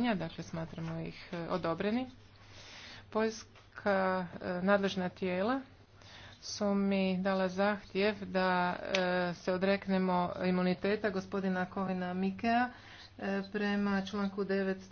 pitanja, dakle smatramo ih e, odobreni. Poljska e, nadležna tijela su mi dala zahtjev da e, se odreknemo imuniteta gospodina Kovina Mikea prema članku 9.